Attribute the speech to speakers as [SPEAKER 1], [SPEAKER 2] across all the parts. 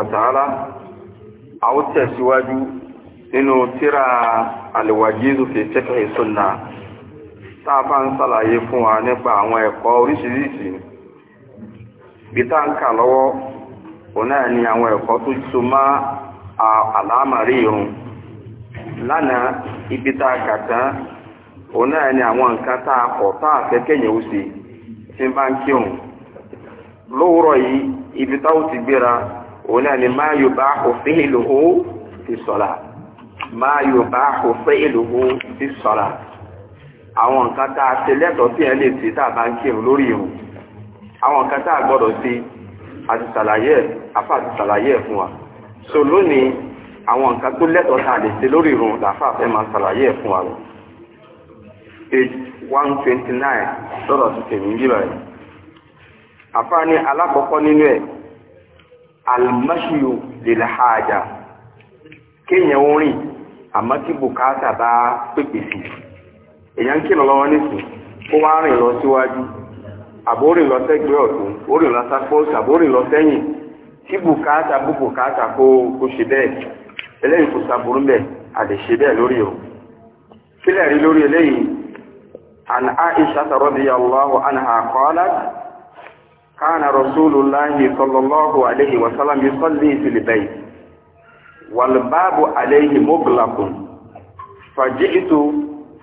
[SPEAKER 1] ọ̀tàrà àwọn nínú tíra alìwàjízu fi tẹ́kẹ̀ ta tàbá ń sàlàyé fún wa nípa àwọn ẹ̀kọ́ oríṣiríṣi bí ń kà lọ́wọ́ òun náà ni àwọn ẹ̀kọ́ tó so má àlámàrí lánàá ibi tá a òun ni máa yóò bá òfin ìlú ti sọ̀rà máa yóò bá òfin ìlú ti sọ̀rà àwọn nǹkan tá a ṣe lẹ́tọ̀ọ́ sí ẹ lè ṣe tá a bá ń kírun lórí irun àwọn nǹkan tá a gbọ́dọ̀ ṣe àti ṣàlàyé àfa àti ṣàlàyé ẹ̀ fún wa so lónìí àwọn nǹkan tó lẹ́tọ̀ọ́ tá lè ṣe lórí irun làfa fẹ́ máa ṣàlàyé ẹ̀ fún wa lọ. page one twenty nine lọ́dọ̀ ti tèmi ń bí báyìí àfa ní alákọ̀ọ́kọ́ nínú ẹ̀ almashiyu lil haja kéèyàn ó rìn àmọ́ tí bùkátà bá pèpè sí èèyàn ń kírun lọ́wọ́ nísìn kó wá rìn lọ síwájú àbórìn lọ sẹ́gbẹ́ ọ̀tún orìn lọ sápọ́ọ̀sì àbórìn lọ sẹ́yìn tí bùkátà bú bùkátà kó kó ṣe bẹ́ẹ̀ eléyìí kò sàbùrú bẹ́ẹ̀ àdèṣe bẹ́ẹ̀ lórí o kílẹ̀ rí lórí eléyìí an Aisha radiyallahu anha qalat كان رسول الله صلى الله عليه وسلم يصلي في البيت والباب عليه مغلق فجئت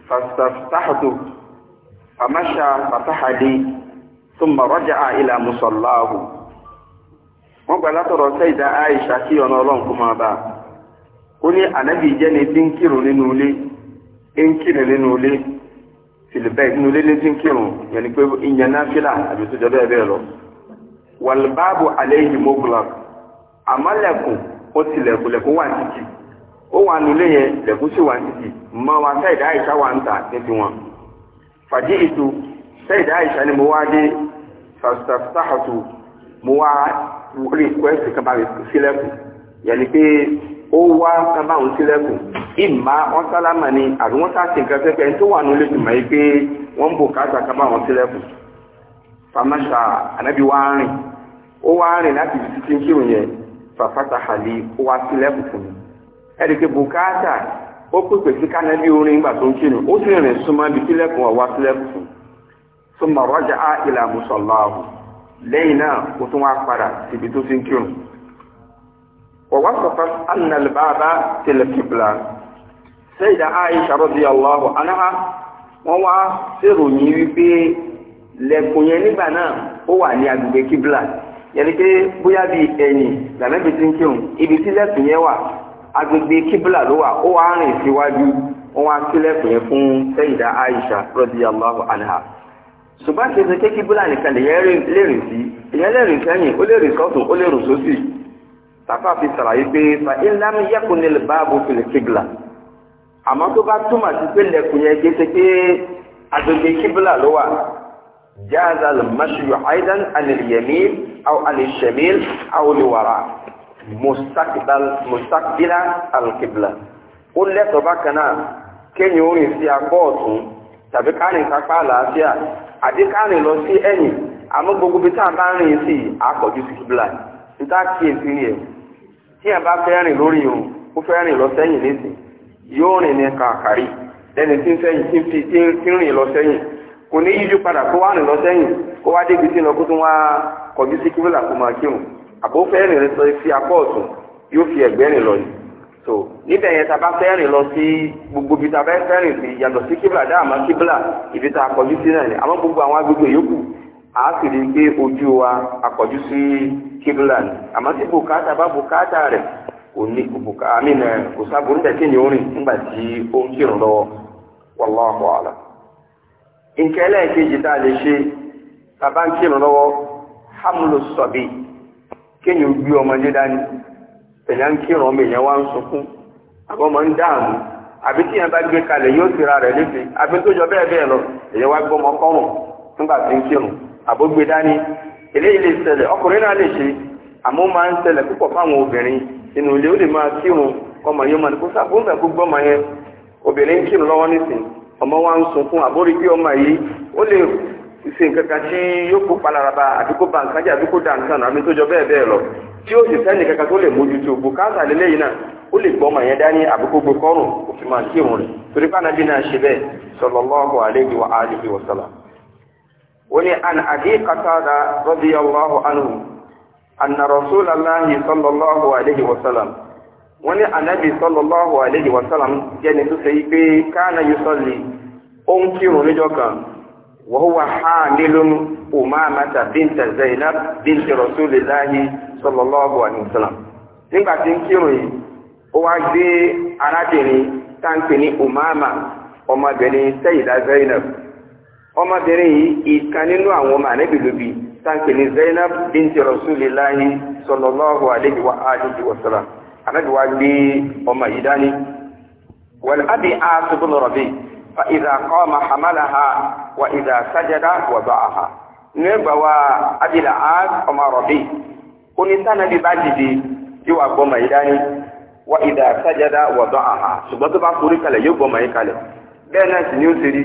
[SPEAKER 1] فاستفتحت فمشى فتح لي ثم رجع إلى مصلاه wọ́n gbà látọ̀rọ̀ sẹ́yìdá Aisha kí ọ̀nà ọlọ́run kó máa bá a ó ní ànábì filibẹ inú lélẹ tí ń kírun yẹn ni pé ìyẹn náà fílà àbí tó jọ bẹ́ẹ̀ bẹ́ẹ̀ lọ o alẹ́ yìí mọ́gùlọ́k àmọ́lẹ̀kùn ó ti lẹ̀kùn lẹ̀kùn wà títì ó wà nílé yẹn lẹ̀kùn sì wà títì mọ wa sẹ́ẹ̀dá àìsá wà ń tà ní tiwọn fàdí ètò sẹ́ẹ̀dá àìsá ni mo wá dé fàṣàṣàṣù mo wá rìkwẹ́sì kan bá rẹ̀ sílẹ̀kùn yẹn ó wá sábà ń sílẹ̀kùn ìmá wọn sálámà ni àbí wọn sáà ṣe nǹkan tó wà nílé jùmọ̀ yìí pé wọ́n famasa anabi wá rìn ó wá rìn láti ibi títí kírun yẹn fàfàtà hàlì ó wá sílẹ̀kùn fún mi ẹ̀rí pé bùkátà ó pèpè sí kánábí orin ìgbà tó ń kírun ó sì rìn súnmọ́ ibi sílẹ̀kùn ọ̀wá sílẹ̀kùn fún rọ́jà mùsọ̀lá lẹ́yìn náà ó tún wá padà síbi tó ووصفت أن الباب في القبلة سيدة عائشة رضي الله عنها wọ́n wá ṣèròyìn wípé lẹ́kùn yẹn nígbà náà ó yẹni pé bóyá bí ẹ̀yìn làmẹ́bí ti ń kírun ibi tí lẹ́kùn yẹn wà agbègbè kíbla ló wà ó wá rìn síwájú wọ́n wá sí lẹ́kùn yẹn fún Sayyida Aisha radiyallahu anha ṣùgbọ́n kí n kíbla nìkan lè rìn sí ìyẹn lè rìn sẹ́yìn ó tafa fi sàlàyé pé fa ilam yẹkùn ní báàbù fìlìkìbìlà àmọ́ tó bá túmọ̀ sí pé lẹ́kùn yẹn kété pé agbègbè kìbìlà ló wà jáàzà lùmọ́ṣù àìdán àlèyẹmí àwọn àlèṣẹmí àwọn olùwàrà mùsàkìbìlà àlùkìbìlà ó lẹ́tọ̀ọ́ bákan náà kéèyàn ó rìn sí apá ọ̀tún tàbí kárìn kápá àlàáfíà àbí kárìn lọ sí ẹ̀yìn àmọ́ gbogbo bí tá bá ń rìn sí àkọ́jú sí kìbìlà níta kí èsì ni ẹ̀ tí ẹ bá fẹ́ rìn lórí o ó fẹ́ rìn lọ sẹ́yìn lẹ́sìn yóò rìn ní kàkàrí lẹ́ni tí ń sẹ́yìn tí ń fi tí ń rìn lọ sẹ́yìn kò ní yíjú padà kó wá rìn lọ sẹ́yìn kó wá débi tí ń lọ kó tún wá kọjú sí kíbílà kó máa kírun àbó fẹ́ lọ sí apá ọ̀tún yóò fi ẹ̀gbẹ́ lọ ni so níbẹ̀ yẹn tá a bá fẹ́ rìn lọ sí gbogbo ibi tá bá fẹ́ sí yàtọ̀ sí kíbílà dáàmà kíbílà ibi tá kọjú sí náà ni àmọ́ gbogbo àwọn agbègbè yòókù a siri ike ojú wa akọ̀jú sí kíbla àmọ́ tí bùkátà bá bùkátà rẹ̀ kò ní eh, kò ni orin nígbà tí ó ń kírun lọ́wọ́ wallahu a'lam. nǹkan ẹlẹ́ẹ̀kejì tá a lè ṣe bàbá ń kírun lọ́wọ́ hamlu sabi ni gbé ọmọdé dání ń kírun ọmọ èèyàn wá ń sunkún àbọ̀ ọmọ ń dáàmú àbí tíyẹn bá gbé kalẹ̀ yóò tira rẹ̀ àbógbé dání eléyìí lè ṣẹlẹ̀ ọkùnrin náà lè ṣe àmọ́ máa ń ṣẹlẹ̀ púpọ̀ fáwọn obìnrin inú ilé ó lè máa kírun ọmọ yẹn máa ní kó sáfúnfẹ̀ kó gbọ́mọ yẹn obìnrin kírun lọ́wọ́ nísìn ọmọ wa ń sunkún àbórí bí ọmọ yìí ó lè ṣe nǹkan kan tí yóò kó palaraba àbí kó ba nǹkan jẹ́ àbí kó da nǹkan nù àmì tó jọ bẹ́ẹ̀ bẹ́ẹ̀ lọ tí ó sì sẹ́ni kankan tó lè mójútó bùkátà lélẹ́yìn náà ó lè gbọ́mọ yẹn عن أبي قتادة رضي الله عنه أن رسول الله صلى الله عليه وسلم wọ́n ní anabi sallallahu alayhi wa sallam jẹ́ni tó sẹ́yí pé káàna yusalli ó ń kírun níjọ́ kan wa huwa hamilun umamata bínta zainab bínti rasulillahi sallallahu alayhi wa sallam nígbà tí ń kírun yìí ó wá gbé arábìnrin táǹpì ní umama ọmọbìnrin sayyida zainab ọmọbìnrin yìí ìkan nínú àwọn ọmọ ànábì ló bí táǹkì ní Zainab bíntì Rasulillahi sallallahu alaihi wa alihi wa sallam ànábì wa gbé ọmọ yìí dání wal abi Aas ibn Rabi fa idha qama hamalaha wa idha sajada wada'aha ní ẹgbà wa abìlà a, ọmọ Rabi onítànàbí bá dìde yóò wà gbọmọ yìí dání wa idha sajada wada'aha ṣùgbọ́n tó bá forí kalẹ̀ yóò gbọmọ yìí kalẹ̀ bẹ́ẹ̀ náà sì ni ó ṣe rí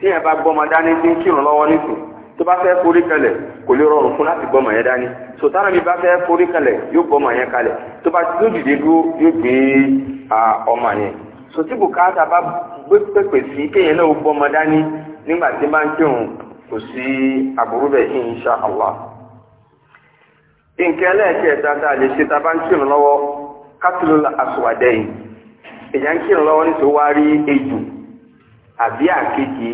[SPEAKER 1] tí yẹn bá gbọ́mọ dání tí ń kírun lọ́wọ́ ka tó bá fẹ́ forí kalẹ̀ kò lè rọrùn fún láti gbọ́mọ yẹn dání sòtánà mi bá fẹ́ forí kalẹ̀ yóò gbọ́mọ yẹn kalẹ̀ tó bá tó dìde dúró yóò gbé ọmọ yẹn sòtí bá sí kéèyàn náà gbọ́mọ dání nígbà tí bá ń kírun kò sí àbúrú nǹkan lè ṣe bá ń kírun lọ́wọ́ kátìlú àsùwàdẹ́yìn èèyàn kírun lọ́wọ́ nítorí wá rí àbí àkejì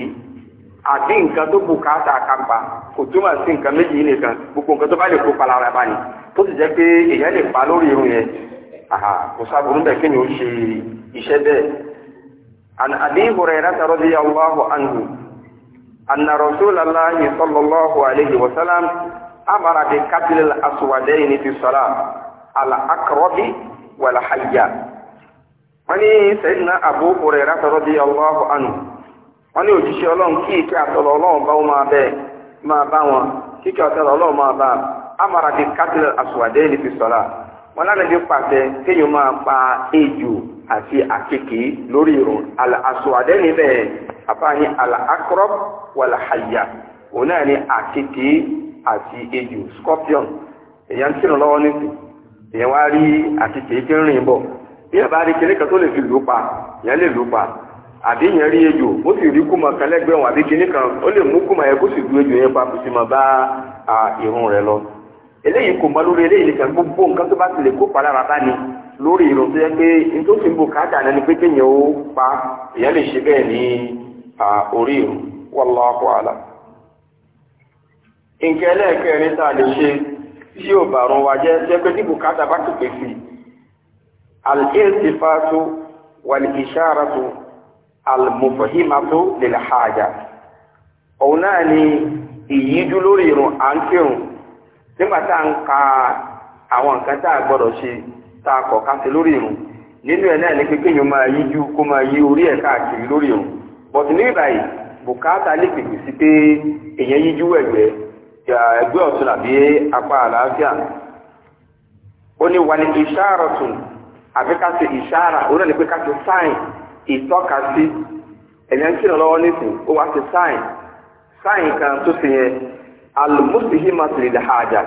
[SPEAKER 1] àbí nǹkan tó bù káàtà kápá kò túmọ̀ sí nǹkan méjì yìí nìkan gbogbo nǹkan tó bá lè kópa lára bá ní tó sì jẹ́ pé èèyàn lè pa lórí irun yẹn kò sábòrú bẹ́ẹ̀ kí ni ó ṣe iṣẹ́ bẹ́ẹ̀. عن أبي هريرة رضي الله عنه أن رسول الله صلى الله عليه وسلم أمر بقتل الأسودين في الصلاة على أقرب ولا حيا. وني سيدنا أبو هريرة رضي الله عنه wọ́n ní òjíṣẹ́ ọlọ́run kí ìkẹ́ àtọ̀lọ̀ ọlọ́run bá wọn máa bẹ́ẹ̀ máa bá wọn kí ìkẹ́ àtọ̀lọ̀ ọlọ́run máa bá amara bíi kátìlẹ̀ àsùwàdé ní fi sọ̀la wọn lánàá bí pàṣẹ kéèyàn máa pa ejò àti àkekè lórí irun àlà àsùwàdé níbẹ̀ àfààní àlà akọrọ wàlà àyà òun náà ní àkekè àti ejò scorpion èèyàn ń tìrùn lọ́wọ́ nísìn èèyàn wá rí àkekè tí ń rìn bọ̀ bí pa èèyàn lè àbí yẹn rí ejò ó sì rí kùmọ̀ kan lẹ́gbẹ̀ẹ́ wọn àbí kinní kan ó lè mú kùmọ̀ yẹn kó sì du ejò yẹn pa kó sì mọ̀ bá irun rẹ̀ lọ eléyìí kò mọ lórí eléyìí nìkan gbogbo nǹkan tó bá ti lè kó palára bá ni lórí irun tó yẹ pé nítòsí ń bò káàdà náà ni pé kéèyàn ó pa èèyàn lè ṣe bẹ́ẹ̀ ní orí irun wallahu a'lam. nǹkan ẹlẹ́ẹ̀kẹrin tá a lè ṣe tí ò bá run wa jẹ́ jẹ́ pé dípò káàdà bá tètè sí i
[SPEAKER 2] al-iltifatu
[SPEAKER 1] wal-isharatu almufahimatu lil haja òun náà ni ìyíjú lórí irun à ń kírun nígbà tá à ń ka àwọn nǹkan tá a gbọ́dọ̀ ṣe tá a kọ̀ ká ṣe lórí irun nínú ẹ̀ náà ni pé kéèyàn máa yíjú kó máa yí orí ẹ̀ káàkiri lórí irun bọ̀tù ní ìbàyí bùkátà lè pèpè sí pé èèyàn yíjú ẹ̀gbẹ́ ẹgbẹ́ ọ̀tún àbí apá àlàáfíà ó ní wà ní àbí ká ìṣàrà ó náà ni pé ká sáìn ìtọ́kasí ẹ̀yẹ́ ń kírun lọ́wọ́ nísìn ó wá sí sáìn sáìn kan tó sì yẹn alùmùsùlùmí làhájà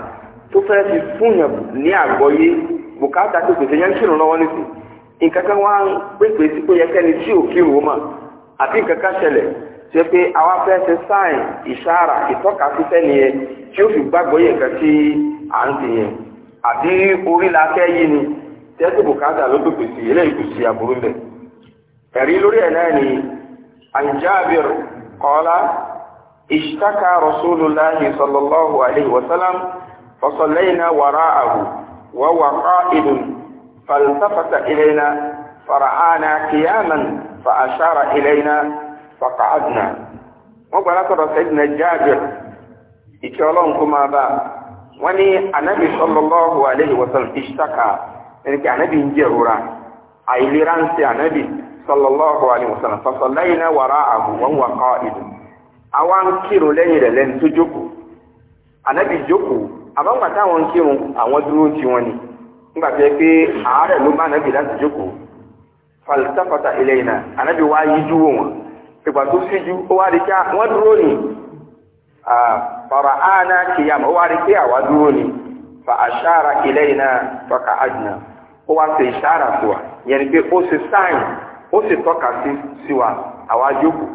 [SPEAKER 1] tó fẹ́ fi fún ní àgbọ́yé bùkátà tó pèsè yẹn kírun lọ́wọ́ nísìn nǹkan wá ń pèpè sí pé yẹkẹ́ni tí ò kírun ó mà àbí nǹkan kan ṣẹlẹ̀ ṣe pé àwa fẹ́ ṣe sáìn ìṣára ìtọ́kasí yẹn tí ó fi gbàgbọ́ yẹn kan tí à ń yẹn la fẹ́ yí ni bùkátà ló kò sí àbúrú bẹ́ẹ̀. ẹ̀rí lórí ẹ̀ náà ni anjabir qala ishtaka rasulullahi sallallahu alaihi wasallam fasallayna wara'ahu wa huwa qa'idun faltafata ilayna fara'ana qiyaman fa ashara ilayna faqa'adna wọ́n gbà látọ̀dọ̀ sayyidina jabir ìkẹ́ ọlọ́run kó máa bá wọ́n ní anabi sallallahu alaihi wasallam ishtaka ẹni pé anabi ń jẹ̀rora àìlera ń ṣe anabi sallallahu alayhi wa sallam fasallayna wara'ahu wa huwa qa'id àwọn kírun lẹ́yìn rẹ̀ lẹ́ni tó jókòó ànábì jókòó àbáwọn táwọn kírun àwọn dúró tí wọ́n ni nígbà tó yẹ pé àárẹ̀ ló bá ànábì láti jókòó falsafata ilayna ànábì wá yíjú wò wọ́n ìgbà tó síjú ó wá rí kí wọ́n dúró ni fara'ana qiyam ó wá rí kí àwa dúró ni fa ashara ilayna fa qa'adna ó wá ṣe ìṣàrà fún wa yẹn ni pé ó ṣe sáìn ó sì tọ́ka sí sí wa àwa jókòó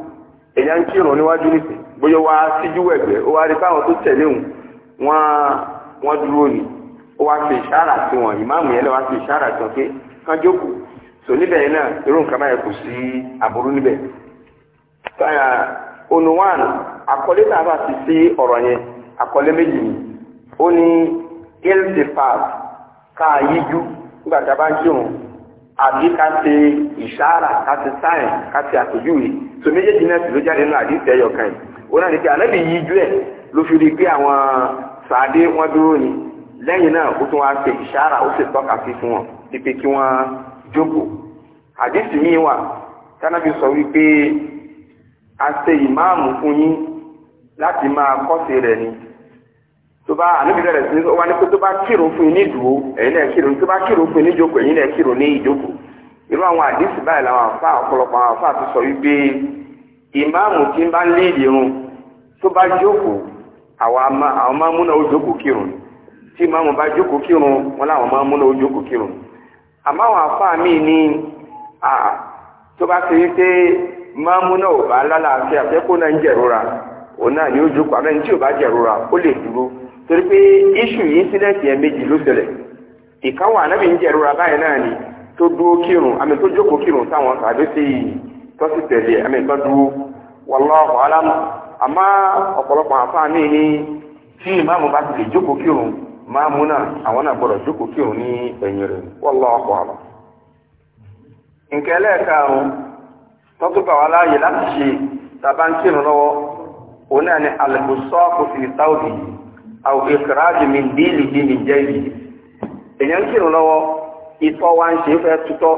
[SPEAKER 1] èyàn ń kírun níwájú nìsín bóyá wá síjú ẹ̀gbẹ́ ó wá rí fáwọn tó ni ó wá fi ìṣára sí wọn ìmáàmù yẹn lọ wá fi ìṣára sí wọn pé kán jókòó tò níbẹ̀ yẹn náà irú nǹkan báyẹn kò sí níbẹ̀. onu one àkọlé tá bá ti sí ọ̀rọ̀ yẹn àkọlé méjì ni ó ní ká yíjú àbí ká ṣe ìṣára ká ṣe sáìn ká ṣe àpèjúwe tó méjèèjì náà sì ló jáde nínú àdìsẹ́ ẹ̀yọ̀kan yìí ó náà ní pé ànábì yíjú ẹ̀ ló fi rí pé àwọn sàádé wọn dúró ni lẹ́yìn náà ó tún wá ṣe ìṣára ó sì tọ́ka sí fún wọn pípé kí wọ́n jókòó àdìsí mi wà tánábì sọ wípé a ṣe ìmáàmù fún yín láti máa kọ́sẹ̀ rẹ̀ ni tó bá ànábi bẹ̀rẹ̀ sí wọn ni tó bá kírun fún yín ní ìdúró ẹ̀yin náà kírun tó bá kírun fún yín ní ìjókòó ẹ̀yin náà kírun ní ìjókòó irú àwọn àdísì báyìí làwọn àfa ọ̀pọ̀lọpọ̀ àwọn àfa ti sọ wípé ìmáàmù tí ń bá lé tó bá jókòó àwọn máa múná ó jókòó kírun tí ìmáàmù bá jókòó kírun wọn làwọn máa múná ó jókòó kírun àmọ́ àwọn tó bá ti wípé ò bá lálàáfíà fẹ́ kó náà ń torí pé iṣu yìí sílẹ̀tì ẹ̀ méjì ló ṣẹlẹ̀ ìkáwọ́ ànábì ń jẹ̀rora báyìí náà ni tó dúró kírun àmì tó jókòó kírun táwọn tàbí sí tọ́sí tẹ̀lé àmì tó dúró wallahu alam àmọ́ ọ̀pọ̀lọpọ̀ àǹfààní ni tí ìmáàmù bá ti lè jókòó kírun máàmù náà àwọn náà gbọ́dọ̀ jókòó kírun ní ẹ̀yìn rẹ̀ karùn wà láàyè láti ṣe tàbá ni àwọn ìkìrájì mi bíìlì bí mi jẹ́ yìí èèyàn ń kírun wa ń ṣe fẹ́ tutọ́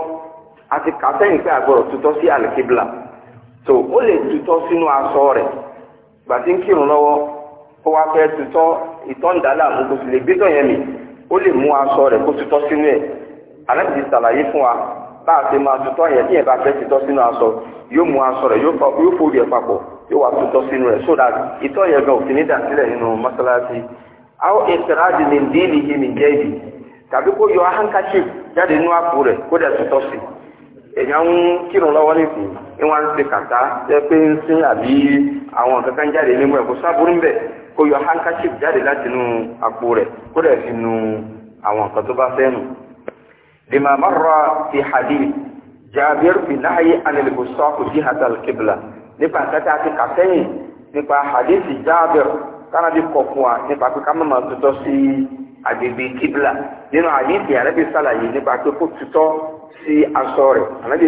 [SPEAKER 1] àti kàtẹ́yìn pé àgbọ̀rọ̀ tutọ́ sí àlùkíbìlà tó ó lè tutọ́ sínú aṣọ rẹ̀ gbàtí mi aṣọ rẹ̀ kó tutọ́ sínú wa bá a ṣe máa tutọ́ yẹn tí yóò wà tó tọ́ sínú rẹ̀ sódà ìtọ́ yẹn gan òfin nídà sílẹ̀ nínú mọ́sálásí àwọn ìsìnrádì ní díìlì yìí ní jẹ́ ìdì tàbí kó yọ handkerchief jáde nínú àpò rẹ̀ kó dẹ̀ tó tọ́ sí èèyàn ń kírun lọ́wọ́ nìsín ní wọ́n ń ṣe kàtá jẹ́ pé ń sin àbí àwọn kankan jáde nínú ẹ̀ kó sábúrú ń bẹ̀ kó yọ handkerchief jáde láti inú àpò rẹ̀ kó dẹ̀ fi nu àwọn nǹkan tó bá fẹ́ nù. lima marra fi hadith fi nahyi anil busaq jihata al-qibla nípa ìtẹ́tẹ́ àti kàtẹ́yìn nípa hadith Jabir tánàbí kọ̀ fún wa nípa pé ká má máa tutọ́ sí agbègbè kíbla nínú hadith ànábì sàlàyé nípa pé kó tutọ́ sí aṣọ rẹ̀ ànábì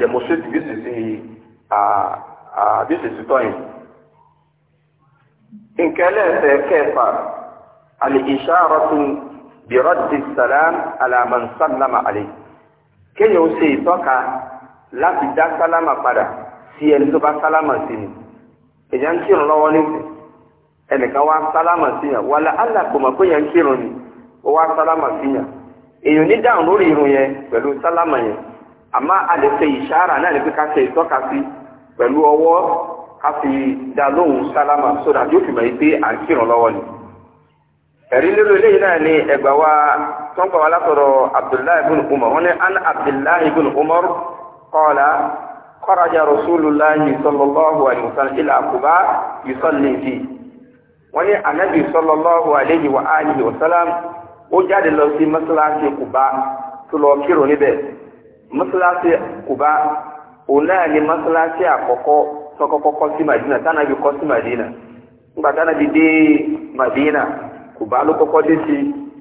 [SPEAKER 1] demonstrate bí sì sí bí sì tutọ́ yẹn. nkẹ́lẹ́sẹ̀ kẹfà al-isharatu bi raddi salam ala man sallama alayhi kéèyàn ó ṣe ìtọ́ka láti dá sálámà padà sí ẹni tó bá sálámà sí ni èèyàn ń kírun lọ́wọ́ nísìn ẹnìkan wá sálámà sí yàn wàlá pé ń kírun ni ó wá sálámà sí yàn èèyàn ní dáhùn lórí irun yẹn pẹ̀lú sálámà yẹn àmọ́ a lè ṣe ìṣára náà lè fi ká ìtọ́ka sí pẹ̀lú ọwọ́ ká fi dá lóhùn sálámà sódà yóò fi mọ̀ yìí pé à ń kírun lọ́wọ́ ni. ẹ̀rí ni خرج رسول الله صلى الله عليه وسلم إلى قباء يصلي فيه wọ́n ní anabi sallallahu alayhi wa alihi wa sallam ó jáde lọ sí mọ́sálásí Kùbá tó lọ kírun níbẹ̀ mọ́sálásí Kùbá òun náà ni mọ́sálásí àkọ́kọ́ tọkọ́kọ́ kọ́ sí Madina tánàbí kọ́ sí Madina nígbà tánàbí dé Madina Kùbá ló kọ́kọ́ dé sí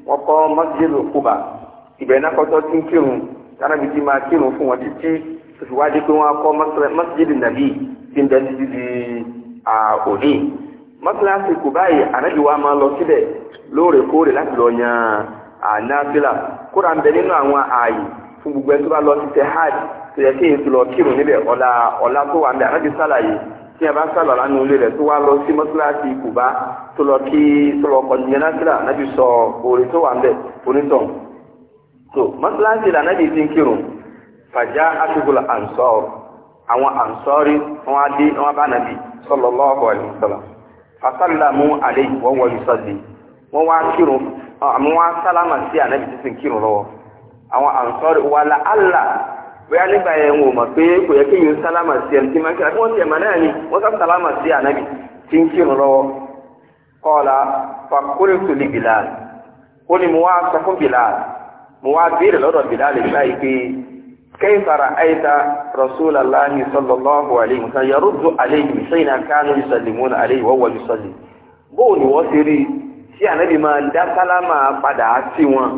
[SPEAKER 1] wọ́n kọ́ mọ́sálásí Kùbá ìbẹ̀rẹ̀ náà kọ́tọ́ tó fi wájú pé wọ́n á kọ́ masjidi nàbí tí ń bẹ títí di òní mọ́sálásí kò báyìí ànábì wa máa lọ síbẹ̀ lóòrèkóòrè láti lọ yan ànáfílà kóra ń bẹ nínú àwọn ààyè fún gbogbo ẹni tó bá lọ sí tẹ hajj tó yẹ kí èyí tó lọ kírun níbẹ̀ ọ̀la ọ̀la tó wà ń bẹ sálàyé tí a bá sábà lánàá olè rẹ tó wá lọ sí mọ́sálásí kùbá tó lọ kí tó lọ kọ́ nìyẹn násìlà nábì sọ òòrè tó wà ń bẹ̀ so mọ́sálásí là nábì ti ń kírun fàjá àtúgbòlà ansọ́ọ̀rù àwọn ansọ́ọ̀rì wọn á dé wọn bá nàbí sallallahu alaihi wasallam fasallamu alaihi wọn wọn wá kírun àmọ́ wọn sálámà sí ànábì títí kírun lọ́wọ́ àwọn ansọ́ọ̀rì wà lá àlà bóyá nígbà yẹn wọn mọ̀ pé kò yẹ kí yóò sálámà sí ẹni tí máa kí wọ́n ti náà ni wọ́n sá sálámà sí ànábì tí ń kírun lọ́wọ́ كيف رأيت رسول الله صلى الله عليه وسلم يرد عليهم حين كانوا يسلمون عليه وهو يصلي bóò ni wọ́n ti rí tí ànábì máa dá sálámà padà sí wọn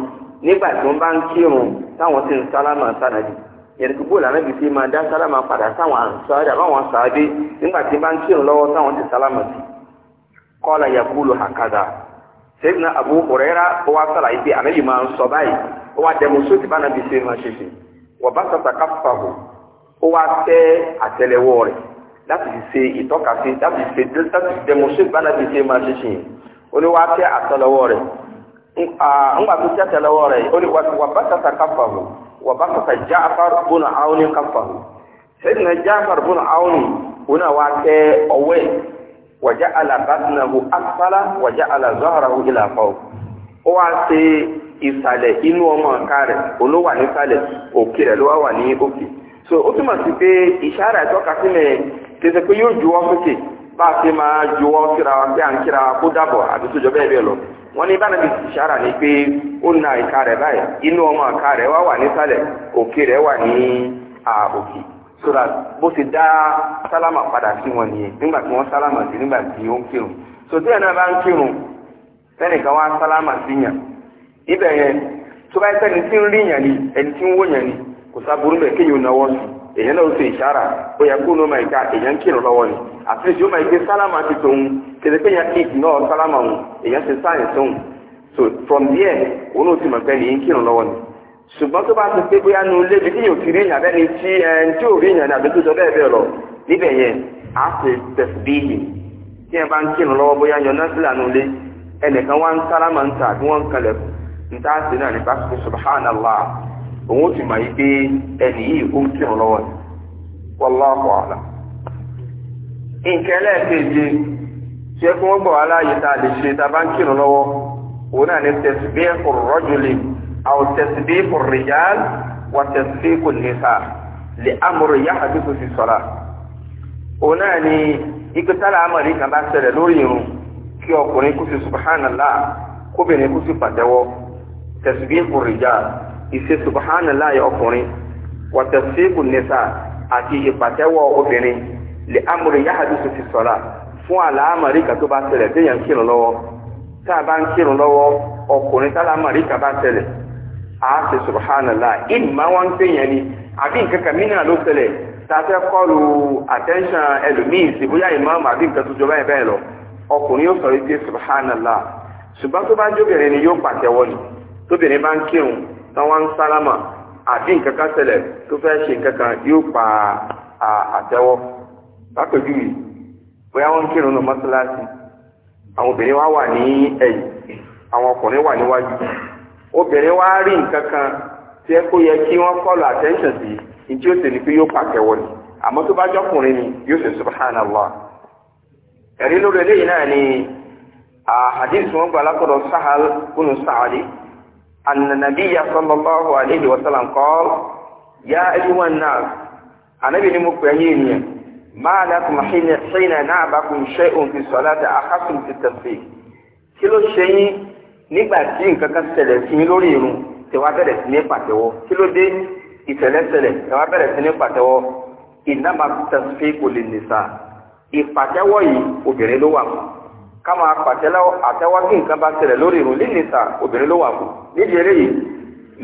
[SPEAKER 1] nígbà tí wọ́n bá ń kírun táwọn sì ń sálámà sànàbì yẹnìkú bóò lànàbì ti máa dá sálámà padà sáwọn àǹsáàdì àbáwọn sàádé nígbà tí wọ́n bá ń kírun lọ́wọ́ táwọn sì wọ̀bá sàtàkà fàwọ̀ ó wá tẹ́ àtẹ́lẹwọ́ rẹ̀ láti fi ṣe ìtọ́kasí láti fi láti dẹmọṣẹ́ gbáná fi ṣe máa ṣiṣẹ́ yẹn ó ní wá tẹ́ àtẹ́lẹwọ́ rẹ̀ ńgbà tó tẹ́ àtẹ́lẹwọ́ rẹ̀ ó ní wọ̀bá sàtàkà fàwọ̀ wọ̀bá sàtà Ja'far bun Auni sẹ́yìn náà Ja'far bun Auni òun náà wá tẹ́ ọwọ́ ẹ̀ wàjá alàbátìnàhù akpala wàjá ìsàlẹ̀ inú ọmọ ọ̀ka rẹ̀ olówà nísàlẹ̀ òkè rẹ̀ ló wá wà ní òkè so ó túmọ̀ sí pé ìṣára ìtọ́ka sí mi pé yóò juwọ́ sókè bá a ti máa juwọ́ síra pé jọ bẹ́ẹ̀ bẹ́ẹ̀ lọ wọ́n ní bánàbí ìṣára ni pé ó na ìka rẹ̀ báyìí inú ọmọ rẹ̀ wà nísàlẹ̀ òkè rẹ̀ so that bó ti dá sálámà padà wọn nìyẹn nígbà tí wọ́n sálámà sí nígbà tí ó ń so tí ẹ̀ náà bá ń kírun wá sálámà ibẹ̀ yẹn tó bá yẹ sẹ́ni tí ń rí yàn ni ẹni tí ń wó yàn ni kò sábúrú bẹ̀ kéèyàn náwó sùn èyàn náà ṣe ìṣára ó yẹ ni àti ìṣó máa ike sálámà ti tòun kẹsẹ̀ pé yẹn náà sálámà òun èyàn ṣe sáyẹn so from there òun ó ti mọ̀ pé ní kírun lọ́wọ́ ni ṣùgbọ́n tó bá ti pé bóyá nu lébi ti rí yàn tí tí níta ṣe náà nípa sọ subhanallah òun ó ti mà yí pé ẹnì yìí ó ń kírun lọ́wọ́ ni wallahu a'lam. nǹkan ẹlẹ́ẹ̀kejì ṣé kí wọ́n gbọ̀ wá láàyè tá a lè ṣe tá a bá ń kírun lọ́wọ́ òun náà ní tasbihu rajuli aw tasbihu rijal wa tasbihu nisa lè amúrò yá àdúgbò fi sọ̀rọ̀ òun náà ní ìgbésàlá amọ̀rí kan bá ṣẹlẹ̀ lórí irun kí ọkùnrin kó fi subhanallah kóbìnrin kó fi pàtẹ́wọ́ tasbihu rijal ìṣe subhanallah ọkùnrin wa tasbihu nisa àti ìpàtẹ́wọ́ obìnrin lè amúre yahadisu fi sọ̀ra fún àlàámàrí kan tó bá ṣẹlẹ̀ téèyàn kírun lọ́wọ́ tá a bá ń kírun lọ́wọ́ ọkùnrin tá àlàámàrí kan bá ṣẹlẹ̀ á ṣe subhanallah ìnìmọ̀ wọn ń téèyàn ni àbí nǹkan kan mìíràn ló ṣẹlẹ̀ tá a fẹ́ kọlu attention ẹlòmíì sí bóyá ìmáàmù àbí nǹkan tó jọ báyìí bẹ́ẹ̀ lọ ọkùnrin yóò sọ wípé subhanallah ṣùgbọ́n tó bá jóbìnrin ni yóò pàtẹ́wọ́ ni tóbìnrin bá ń kírun táwọn ń sálámà àbí nǹkan kan ṣẹlẹ̀ tó fẹ́ ṣe nǹkan kan yóò pa àtẹ́wọ́ lápèjúwe bóyá wọ́n ń kírun ní mọ́ṣáláṣí àwọn obìnrin wá wà ní ẹ̀yìn àwọn ọkùnrin wà níwájú obìnrin wá rí nǹkan kan tí ẹ kó yẹ kí wọ́n kọlu attention sí ìdí òsè ni pé yóò pàtẹ́wọ́ ni àmọ́ tó bá أن النبي صلى الله عليه وسلم قال يا أيها الناس أنا بني مكبهين ما لكم حين حين نعبكم شيء في الصلاة أخذتم في التسبيح kí ló ṣe yín nígbà tí nǹkan kan ṣẹlẹ̀ sí yín lórí irun tí wàá bẹ̀rẹ̀ sí ní pàtẹ́wọ́ kí ló dé ìṣẹ̀lẹ̀ ṣẹlẹ̀ tí wàá bẹ̀rẹ̀ sí ní pàtẹ́wọ́ ìnáma tasfiqu lin nisa ìpàtẹ́wọ́ yìí obìnrin ló wà fún ká máa pàṣẹ àtẹ́wá kí nǹkan bá ṣẹlẹ̀ lórí ìrun lílì ta obìnrin ló wà fún nídìí eléyìí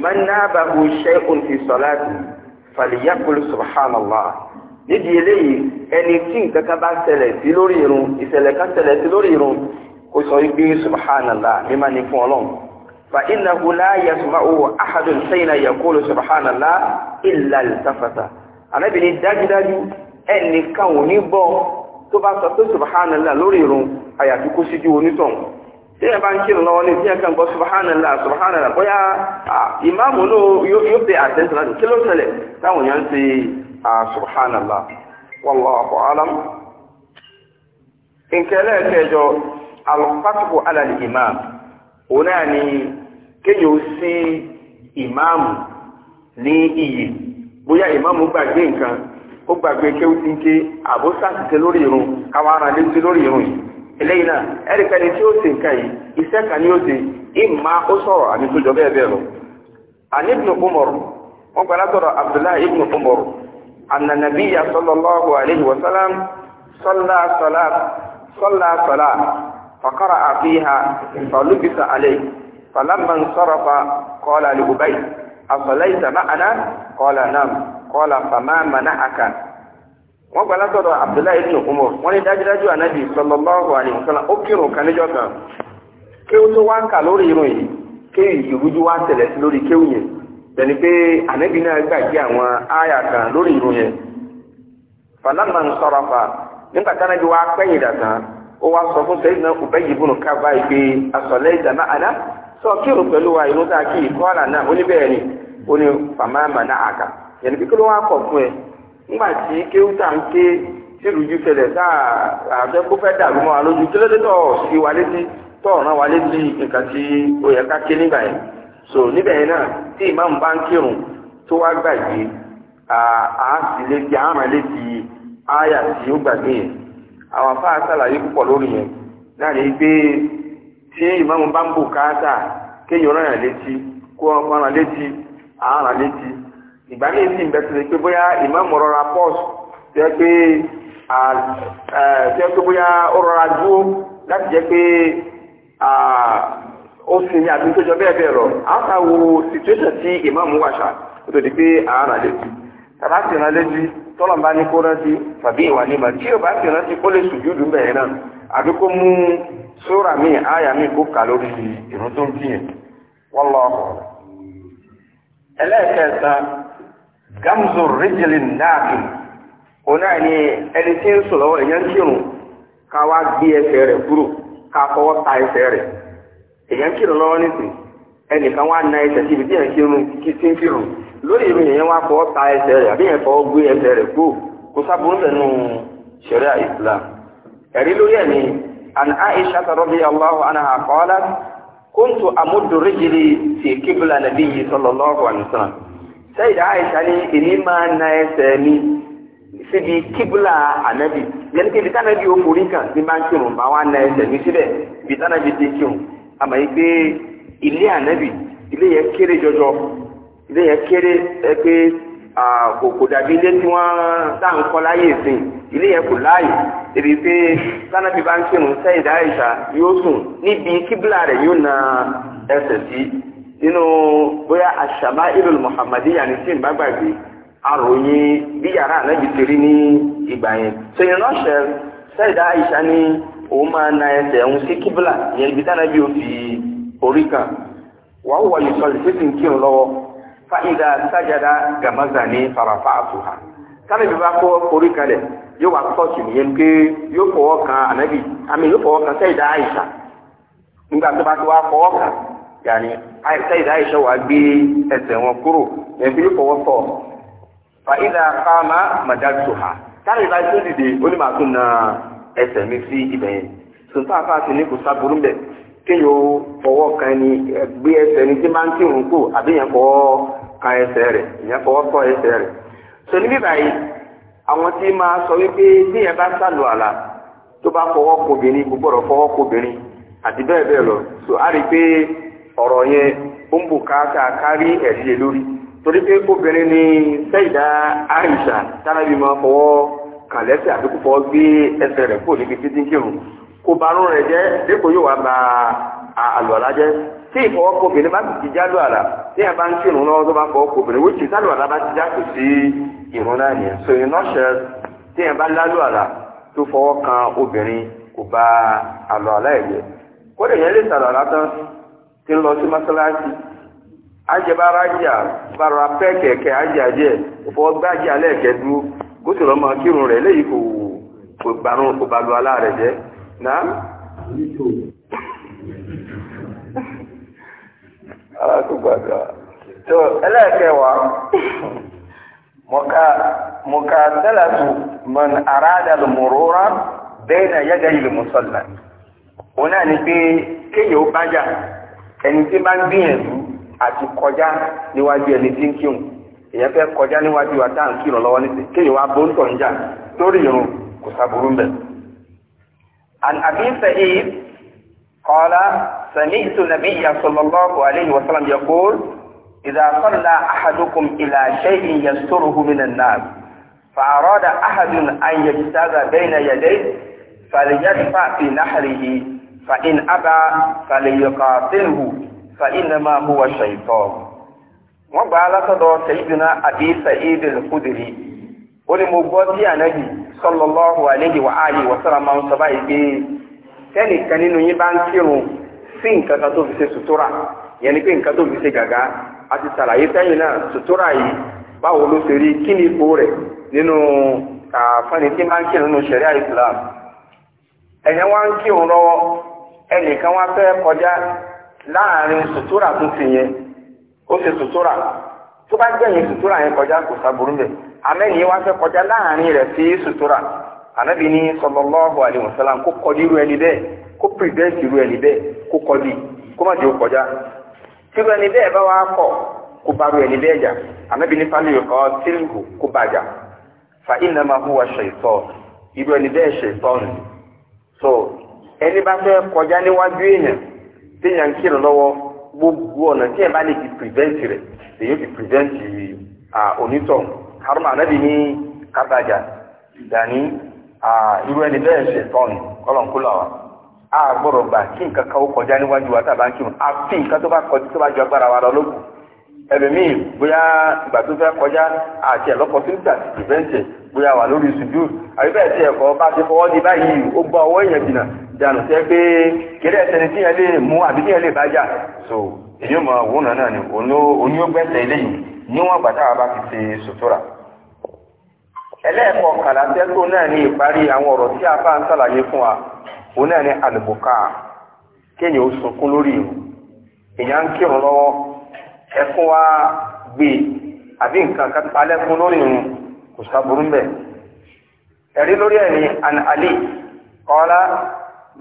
[SPEAKER 1] man nabahu shay'un fi salati falyaqul subhanallah nídìí eléyìí ẹni tí nǹkan kan bá ṣẹlẹ̀ sí lórí ìrun ìṣẹ̀lẹ̀ kan ṣẹlẹ̀ sí lórí ìrun kò sọ ibi subhanallah mímá ni fún ọlọ́run fa innahu la yasma'u ahadun sayna yaqulu subhanallah illa iltafata anábìnrin dájúdájú ẹnìkan ò ní gbọ́ tó bá sọ pé subhanallah lórí irun àyàfi kó síjú onítọ̀hún tí ẹ bá ń kírun lọ́wọ́ ní ìdíyẹ kan gbọ́ subhanallah subhanallah bóyá ìmáàmù náà yóò pè àtẹ́sí láti kí ló ṣẹlẹ̀ táwọn èèyàn ń ṣe subhanallah wallahu alam. nkẹlẹ kẹjọ alukatuku alali imam òun náà ni kéèyàn ó sí ìmáàmù ní iyì ó gbàgbé kéwú ti ń ké àbóṣà ti ṣe lórí irun káwọn ará lé ti lórí irun yìí eléyìí náà ẹ̀ríkẹ́ni tí ó ṣe nǹkan yìí iṣẹ́ kan ni ó ṣe ìmá ó sọ̀rọ̀ àmì tó jọ bẹ́ẹ̀ bẹ́ẹ̀ lọ. àní ibn Umar wọn gbàdá sọ̀rọ̀ Abdullahi ibn Umar ananabiya sallallahu alayhi wa sallam salla salla salla salla fakara àfihà falubisa alayhi falamman sarafa qala li Ubay asalaita ma'ana qala naam. kọ́lá fama mana aka wọn gbà látọ̀dọ̀ abdullahi ibn umar wọ́n ní dájúdájú anabi sallallahu alaihi wasallam ó kírun kan níjọ́ kan kí ó tó wá ń kà lórí irun yìí kí ìrújú wá tẹ̀lẹ̀ sí lórí kéwù yẹn tẹ̀lé pé anabi náà gbàgbé àwọn áyà kan lórí irun yẹn fàlámà ń sọ̀rọ̀ fà nígbà tánabi wá pẹ́yìn dàtàn ó wá sọ fún sẹ́yìn náà asọ̀lẹ́ àná sọ kírun a kí ìkọ́ àlà yẹn kí ló wá kọ̀ fún ẹ nígbà tí kéwútà ń ké sílùú ju tẹlẹ tá àfẹ́kú fẹ́ dàrú mọ́ wa lójú kí sí wa létí tọ̀ wa létí nǹkan tí ó yẹ so níbẹ̀ yẹn náà tí ìmáàmù bá ń kírun tó wá a àá sì létí àmà létí àyà tí ó yẹn àwọn púpọ̀ lórí yẹn náà ní tí ìmáàmù bá ń bò káàtà kéèyàn rán yàn ìgbà ní ìsìn bẹ́ẹ̀ pé bóyá ìmáàmù rọra pọ́ọ̀sù tó pé bóyá ó rọra dúró láti jẹ́ pé ó sinmi àti tó jọ bẹ́ẹ̀ bẹ́ẹ̀ lọ situation tí tó di pé àárà lè tàbá sì rán létí tọ́lọ̀ bá ní kó rántí tàbí ìwà ní màá tí ò bá sì rántí kó lè bẹ̀rẹ̀ náà àbí kó mú sóra mi àyà mi kó kà lórí ìrún gamzu rijilin dáàbì òun náà ni ẹni tí ń sùn lọ́wọ́ èèyàn ń kírun ká wá gbé ẹsẹ̀ rẹ̀ kúrò ká fọwọ́ ta ẹsẹ̀ rẹ̀ èèyàn ń kírun lọ́wọ́ nísìn ẹnìkan wá na ẹsẹ̀ síbi tí èèyàn kírun kí tí ń kírun lórí mi èèyàn wá fọwọ́ ta ẹsẹ̀ rẹ̀ àbí èèyàn fọwọ́ gbé ẹsẹ̀ rẹ̀ kúrò kó sábúrú sẹ́nu sharia islam ẹ̀rí lórí ẹ̀mí an aisha radiyallahu anha qalat kuntu amuddu rijli fi qibla nabiyyi sallallahu alaihi wasallam sẹ́yìdá àìsà ni èmi máa na ẹsẹ̀ mi síbi kíbùlà ànábì yẹn kí ibi tánàbì okùnrin kan ti máa ń kírun bá wà na ẹsẹ̀ mi síbẹ̀ ibi tánàbì ti kírun àmọ́ yìí pé ilé ànábì ilé yẹn kéré jọjọ ilé yẹn kéré ẹ pé kò dàbí ilé tí wọ́n dá ń kọ́ láyé ìsìn ilé yẹn kò láàyè ebi pé tánàbì bá ń kírun sẹ́yìdá àìsà yóò sùn níbi kíbùlà rẹ̀ yóò na ẹsẹ̀ sí. nínú bóyá ya ìlú muhammadi yàní tí n bá gbàgbé àròyìn bí yàrá ànábì ti ní ìgbà yẹn so in nutshell sẹ́ẹ̀dá àìsà ní òun máa na ẹsẹ̀ òun sí kíbla yẹn ibi tí ànábì ò fi orí kan wà wọlé tí farafa àtùhà sábẹ̀bí bá kọ́ orí kalẹ̀ yóò wá kọ́ọ̀tù nìyẹn pé yóò kan àmì yóò fọwọ́ kan kan yàní àìsàn àìsàn wà gbé ẹsẹ̀ wọn kúrò ẹ̀bí fọwọ́sọ fa ìdá kàmá màdàtò ha táyì láì tó dìde ó ní màá na ẹsẹ̀ mi sí ibẹ̀ yẹn sùntà fáàtì ní kò sábúrú mbẹ kéèyàn ó fọwọ́ kan ní gbé ẹsẹ̀ ní ń fọwọ́ kan ẹsẹ̀ ẹsẹ̀ sọ àwọn tí máa sọ wípé bí yẹn bá àlà tó bá fọwọ́ gbogbo fọwọ́ àti bẹ́ẹ̀ ọ̀rọ̀ yẹn ó ń bùkátà kárí ẹ̀rí torí pé obìnrin ni sẹ́yìdá Àìṣà tánábì máa fọwọ́ kàlẹ́sẹ̀ àdúgbò gbé ẹsẹ̀ rẹ̀ kó níbi títí kírun rẹ̀ jẹ́ yóò wá jẹ́ tí bá ti já tí bá ń kírun lọ́wọ́ tó bá wíṣì bá ti já kò sí ìrún náà nìyẹn so tí bá tó kan obìnrin kò ẹ̀ jẹ́ kó lè yẹn lè sàlùwàlá kí lọ sí mọ́sálásí ajẹbára jà bára pẹ́ kẹ̀kẹ́ ajájẹ́ ìfọwọ́ gbájà lẹ́ẹ̀kẹ́ dúró gósì lọ́mọ kírun rẹ̀ léyìí kò kò gbanú kò bá lu alá rẹ̀ jẹ́ náà. ara tó gbàgbà tó ẹlẹ́ẹ̀kẹwàá mọ̀ká mọ̀ká tẹ́lẹ̀tù mọ̀n àràdà lùmùrúra bẹ́ẹ̀ náà yẹ́gẹ́ ìlú mùsọ̀lá òun náà ni pé kéèyàn ó bájà ẹni tí bá ń gbìyànjú àti kọjá níwájú ẹni tí ń kírun èèyàn fẹ́ kọjá níwájú wa tá à ń kírun lọ́wọ́ nísìnyí kéèyàn wá bó ń tọ̀ ń jà lórí irun kò sábúrú ń bẹ̀. عن أبي سعيد قال سمعت النبي صلى الله عليه وسلم يقول إذا صلى أحدكم إلى شيء يستره من الناس فأراد أحد أن يجتاز بين يديه فليدفع في نحره sa'in أبى فليقاتله فإنما هو شيطان wọ́n gbà látọ̀dọ̀ ó ní mo gbọ́ tí sallallahu alayhi wa alihi wa sallam máa ń sọ báyìí pé nínú yín bá ń kírun sí nǹkan kan tó fi ṣe sutura yẹn ni pé nǹkan tó fi ṣe a ti ṣàlàyé sẹ́yìn náà sutura yìí báwo ló ṣe rí kí ni ipò rẹ̀ nínú àfẹ́ni tí ń kírun nínú Islam wá ń kírun lọ́wọ́ ẹnìkan wá fẹ́ kọjá láàrin sùtúrà tó ti yẹn ó ṣe sùtúrà tó bá gbẹ̀yìn sùtúrà yẹn kọjá kò sábúrú bẹ̀ amẹ́ni wá fẹ́ kọjá láàrin rẹ̀ sí sùtúrà ànábì ní sallallahu alaihi wasallam kó kọjú irú ẹni bẹ́ẹ̀ kó pìrìdẹ́ẹ̀tì irú ẹni bẹ́ẹ̀ kó kọjú kó má jẹ́ kọjá tí irú ẹni bẹ́ẹ̀ bá wá kọ̀ kó bá irú ẹni bẹ́ẹ̀ jà ànábì ní pálí ọ̀ tílùkù kó bá jà fa irú ẹni bẹ́ẹ̀ ṣe ìtọ́ nù so ẹni bá fẹ́ kọjá níwájú èèyàn téèyàn ń kírun lọ́wọ́ gbogbo ọ̀nà tí ẹ bá lè fi prevent rẹ̀ fi prevent onítọ̀hún anabi ní dání irú ẹni bẹ́ẹ̀ ṣe kọ́lọ̀nkúlọ̀ a gbọ́dọ̀ kí nǹkan kan ó kọjá níwájú wa tá a bá ń kírun àfi nǹkan tó bá kọjú tó bá ju agbára wa lọ lókun ẹlòmíì bóyá ìgbà tó fẹ́ kọjá àti tó ń gbà bóyá wà lórí àbí bẹ́ẹ̀ tí ẹ̀kọ́ bá ti fọwọ́ di báyìí ó gbọ́ ọwọ́ èèyàn dànù tẹ́ pé kéré tí ẹ mú àbí tí so èyí ma mọ̀ na náà ni oní ilé yìí eléyìí níwọ̀n gbàtà bá fi ṣe sòtúrà ẹlẹ́ẹ̀kọ́ kàlàtẹ́tò náà ní ìparí àwọn ọ̀rọ̀ tí a bá ń sàlàyé fún wa náà àlùbùkà kéèyàn ó sunkún lórí èèyàn ń kírun lọ́wọ́ ẹkún wa gbé àbí nǹkan lórí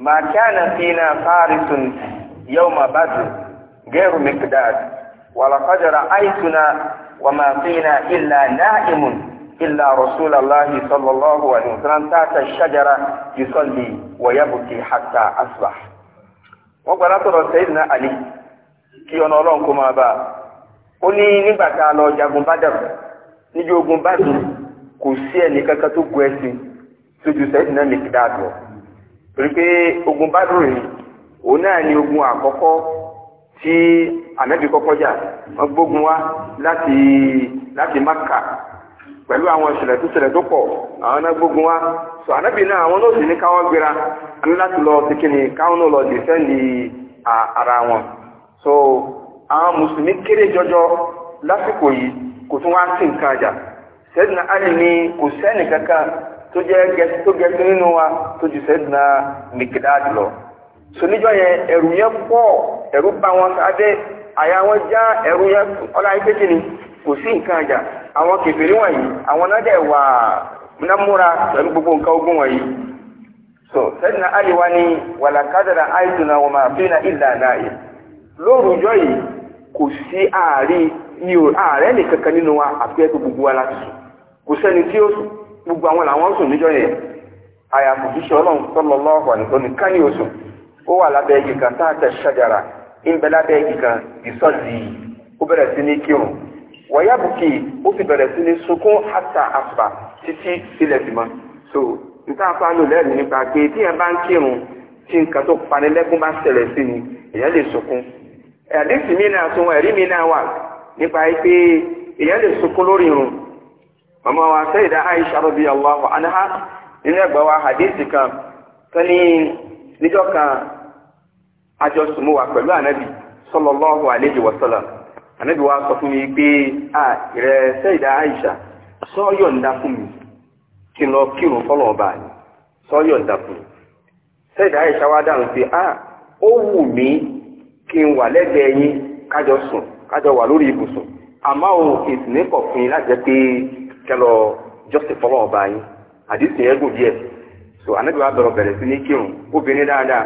[SPEAKER 1] ما كان فينا فارس يوم بدر غير مقداد ولقد رأيتنا وما فينا إلا نائم إلا رسول الله صلى الله عليه وسلم تحت الشجرة يصلي ويبكي حتى أصبح وقال ترى سيدنا علي kí ọ̀nà ọlọ́run kó máa bá a ó ní nígbà tá a lọ jagun bádàr níjó ogun bádùn kò sí ẹnì kankan tó gun ẹsìn tójú sẹ́yìn náà lè fi dáadọ́ torí pé ogun bádùn yìí òun náà ni ogun àkọ́kọ́ tí ànábì kọ́kọ́ jà wọ́n gbógun wá láti láti Mákà pẹ̀lú àwọn ìṣẹ̀lẹ̀ tó ṣẹlẹ̀ tó pọ̀ àwọn náà gbógun wá sọ ànábì náà àwọn náà sì ní káwọn gbéra ní láti lọ sí kíni káwọn náà lọ dìfẹ́ǹdì ara wọn so àwọn mùsùlùmí kéré jọjọ lásìkò yìí kò tún wá sí nǹkan àjà sẹ́dínà Ali ni kò sẹ́nì kankan tó jẹ́ tó gẹ̀ẹ́sì nínú wa tó jù sẹ́dínà Mikdad lọ. so níjọ́ yẹn ẹ̀rù yẹn pọ̀ ẹ̀rù bá wọn sáadé àyà wọn já ẹ̀rù yẹn ọlá ni kò sí nǹkan àjà àwọn kèfèrí wọ̀nyí àwọn nádẹ̀ wà námúra pẹ̀lú gbogbo nǹkan ogun ni na ìlà náà jọ yìí kò sí ààrẹ nìkankan nínú wa àfi gbogbo wa láti sùn kò gbogbo àwọn làwọn sùn níjọ́ yẹn àyàfò jíṣẹ́ ọlọ́run sallallahu alaihi wasallam nìkan ní oṣù ó wà lábẹ́ igi kan táàtà ṣàjára ń bẹ lábẹ́ igi kan ìsọ́jì ó bẹ̀rẹ̀ sí ní kírun wọ̀yá bùkì ó sì bẹ̀rẹ̀ sí ní sunkún àtà àsùbà títí sílẹ̀ sí mọ́ so nǹkan afánú lẹ́rìí nípa pé tí ẹ bá ń kírun tí nǹkan tó panilẹ́kún bá ṣẹlẹ̀ sí ni èèyàn lè sunkún ẹ̀rí mi náà sun ẹ̀rí mi náà wà nípa pé èèyàn lè sunkún lórí irun mama wa sayida aisha radiyallahu anha nínú ẹgbẹ́ wa hadithi kan tani níjọ́ kan àjọ sùnmù wa pẹ̀lú anabi sallallahu alayhi wa sallam anabi wa sọ fún mi pé a rẹ sayida aisha sọ yọ̀ǹda fún mi kí n lọ fọlọ ọba ni sọ yọ̀ǹda fún mi sayida aisha wa dáhùn pé a ó wù mí kí n wà lẹ́gbẹ̀ẹ́ yín kájọ sùn kájọ wà lórí ibùsùn àmọ́ o ìsìn ní kọfin láti jẹ pé. kẹlọ jọ́sìn fọlọ́ ọba yín àdìsí yẹn gòbí ẹ̀ so anabi wa bẹ̀rẹ̀ bẹ̀rẹ̀ sí ní kírun obìnrin dáadáa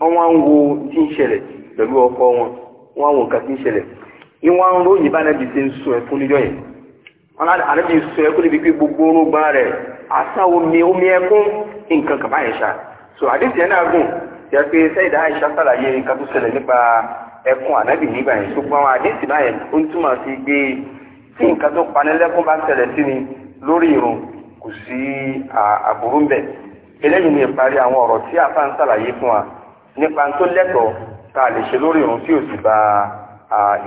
[SPEAKER 1] wọ́n wá ń wo tí ń ṣẹlẹ̀ pẹ̀lú ọkọ wọn wọ́n wo nǹkan tí ń ń ròyìn bá anabi ṣe ń yẹn níbi pé gbogbo àṣà omi omi ẹkún so àdìsí yẹn náà gùn pé àìṣá sàlàyé nǹkan tó nípa ẹkún anabi nígbà yẹn tí nǹkan tó panilẹ́kún bá ń tẹ̀lẹ̀ sí ni lórí irun kò sí àbúrú ń bẹ̀ eléyìí ni ìparí àwọn ọ̀rọ̀ tí àfa ń sàlàyé fún wa nípa tó lẹ́tọ̀ọ́ tá a lè ṣe lórí irun tí ò sì bà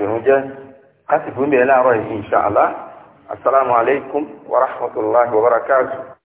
[SPEAKER 1] irun jẹ́ láti fún mi láàárọ̀ yìí inṣàlá asalaamualeykum wa rahmatulahi wa barakatuh.